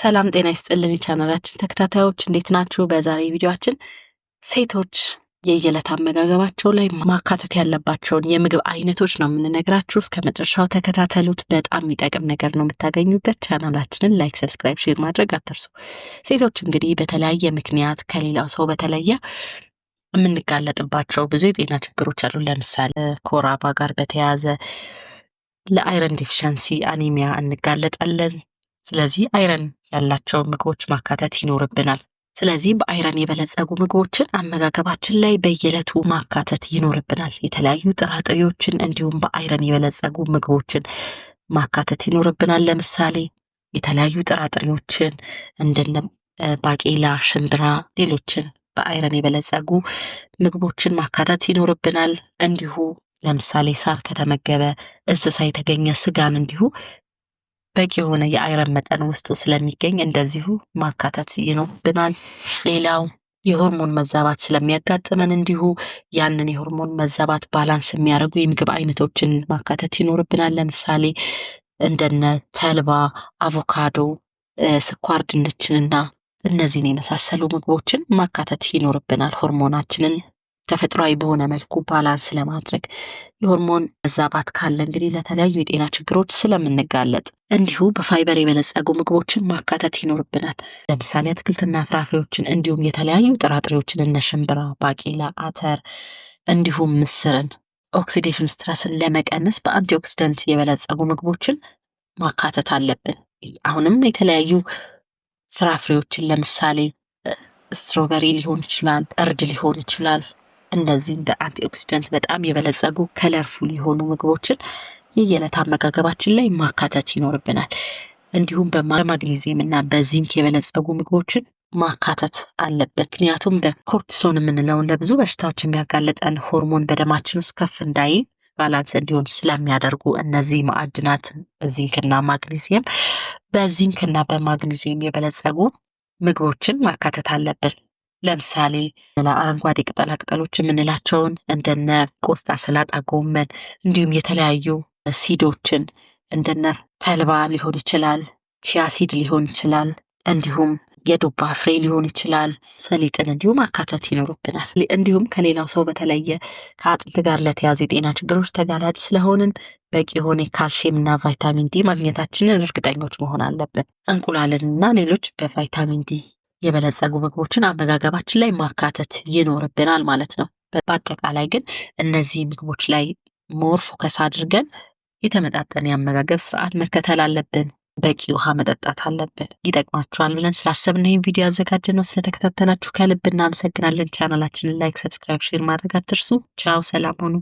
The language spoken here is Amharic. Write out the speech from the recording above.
ሰላም ጤና ይስጥልን የቻናላችን ተከታታዮች እንዴት ናችሁ? በዛሬ ቪዲዮችን ሴቶች የየዕለት አመጋገባቸው ላይ ማካተት ያለባቸውን የምግብ አይነቶች ነው የምንነግራችሁ። እስከ መጨረሻው ተከታተሉት፣ በጣም የሚጠቅም ነገር ነው የምታገኙበት። ቻናላችንን ላይክ፣ ሰብስክራይብ፣ ሼር ማድረግ አትርሱ። ሴቶች እንግዲህ በተለያየ ምክንያት ከሌላው ሰው በተለየ የምንጋለጥባቸው ብዙ የጤና ችግሮች አሉ። ለምሳሌ ከወር አበባ ጋር በተያያዘ ለአይረን ዲፊሸንሲ አኒሚያ እንጋለጣለን። ስለዚህ አይረን ያላቸውን ምግቦች ማካተት ይኖርብናል። ስለዚህ በአይረን የበለጸጉ ምግቦችን አመጋገባችን ላይ በየዕለቱ ማካተት ይኖርብናል። የተለያዩ ጥራጥሬዎችን እንዲሁም በአይረን የበለጸጉ ምግቦችን ማካተት ይኖርብናል። ለምሳሌ የተለያዩ ጥራጥሬዎችን እንደነ ባቄላ፣ ሽምብራ፣ ሌሎችን በአይረን የበለጸጉ ምግቦችን ማካተት ይኖርብናል። እንዲሁ ለምሳሌ ሳር ከተመገበ እንስሳ የተገኘ ስጋን እንዲሁ በቂ የሆነ የአይረን መጠን ውስጡ ስለሚገኝ እንደዚሁ ማካተት ይኖርብናል። ሌላው የሆርሞን መዛባት ስለሚያጋጥመን እንዲሁ ያንን የሆርሞን መዛባት ባላንስ የሚያደርጉ የምግብ አይነቶችን ማካተት ይኖርብናል። ለምሳሌ እንደነ ተልባ፣ አቮካዶ፣ ስኳር ድንችንና እነዚህን የመሳሰሉ ምግቦችን ማካተት ይኖርብናል ሆርሞናችንን ተፈጥሯዊ በሆነ መልኩ ባላንስ ለማድረግ የሆርሞን መዛባት ካለ እንግዲህ ለተለያዩ የጤና ችግሮች ስለምንጋለጥ እንዲሁ በፋይበር የበለጸጉ ምግቦችን ማካተት ይኖርብናል። ለምሳሌ አትክልትና ፍራፍሬዎችን እንዲሁም የተለያዩ ጥራጥሬዎችን እነ ሽምብራ፣ ባቄላ፣ አተር እንዲሁም ምስርን ኦክሲዴሽን ስትረስን ለመቀነስ በአንቲኦክሲደንት የበለጸጉ ምግቦችን ማካተት አለብን። አሁንም የተለያዩ ፍራፍሬዎችን ለምሳሌ ስትሮበሪ ሊሆን ይችላል፣ እርድ ሊሆን ይችላል። እነዚህ እንደ አንቲኦክሲደንት በጣም የበለጸጉ ከለርፉል የሆኑ ምግቦችን የየዕለት አመጋገባችን ላይ ማካተት ይኖርብናል። እንዲሁም በማግኔዚየም እና በዚንክ የበለጸጉ ምግቦችን ማካተት አለብን። ምክንያቱም በኮርቲሶን የምንለውን ለብዙ በሽታዎች የሚያጋልጠን ሆርሞን በደማችን ውስጥ ከፍ እንዳይ ባላንስ እንዲሆን ስለሚያደርጉ እነዚህ ማዕድናት ዚንክና ማግኔዚየም በዚንክና በማግኔዚየም የበለጸጉ ምግቦችን ማካተት አለብን። ለምሳሌ አረንጓዴ ቅጠላ ቅጠሎች የምንላቸውን እንደነ ቆስጣ፣ ሰላጣ፣ ጎመን እንዲሁም የተለያዩ ሲዶችን እንደነ ተልባ ሊሆን ይችላል፣ ቲያሲድ ሊሆን ይችላል፣ እንዲሁም የዱባ ፍሬ ሊሆን ይችላል። ሰሊጥን እንዲሁም አካተት ይኖሩብናል። እንዲሁም ከሌላው ሰው በተለየ ከአጥንት ጋር ለተያዙ የጤና ችግሮች ተጋላጭ ስለሆንን በቂ የሆነ ካልሽየም እና ቫይታሚን ዲ ማግኘታችንን እርግጠኞች መሆን አለብን። እንቁላልን እና ሌሎች በቫይታሚን ዲ የበለጸጉ ምግቦችን አመጋገባችን ላይ ማካተት ይኖርብናል ማለት ነው። በአጠቃላይ ግን እነዚህ ምግቦች ላይ ሞር ፎከስ አድርገን የተመጣጠነ የአመጋገብ ስርዓት መከተል አለብን። በቂ ውሃ መጠጣት አለብን። ይጠቅማችኋል ብለን ስላሰብን ይህን ቪዲዮ ያዘጋጀ ነው። ስለተከታተላችሁ ከልብ እናመሰግናለን። ቻናላችንን ላይክ፣ ሰብስክራይብ፣ ሼር ማድረግ አትርሱ። ቻው፣ ሰላም ሁኑ።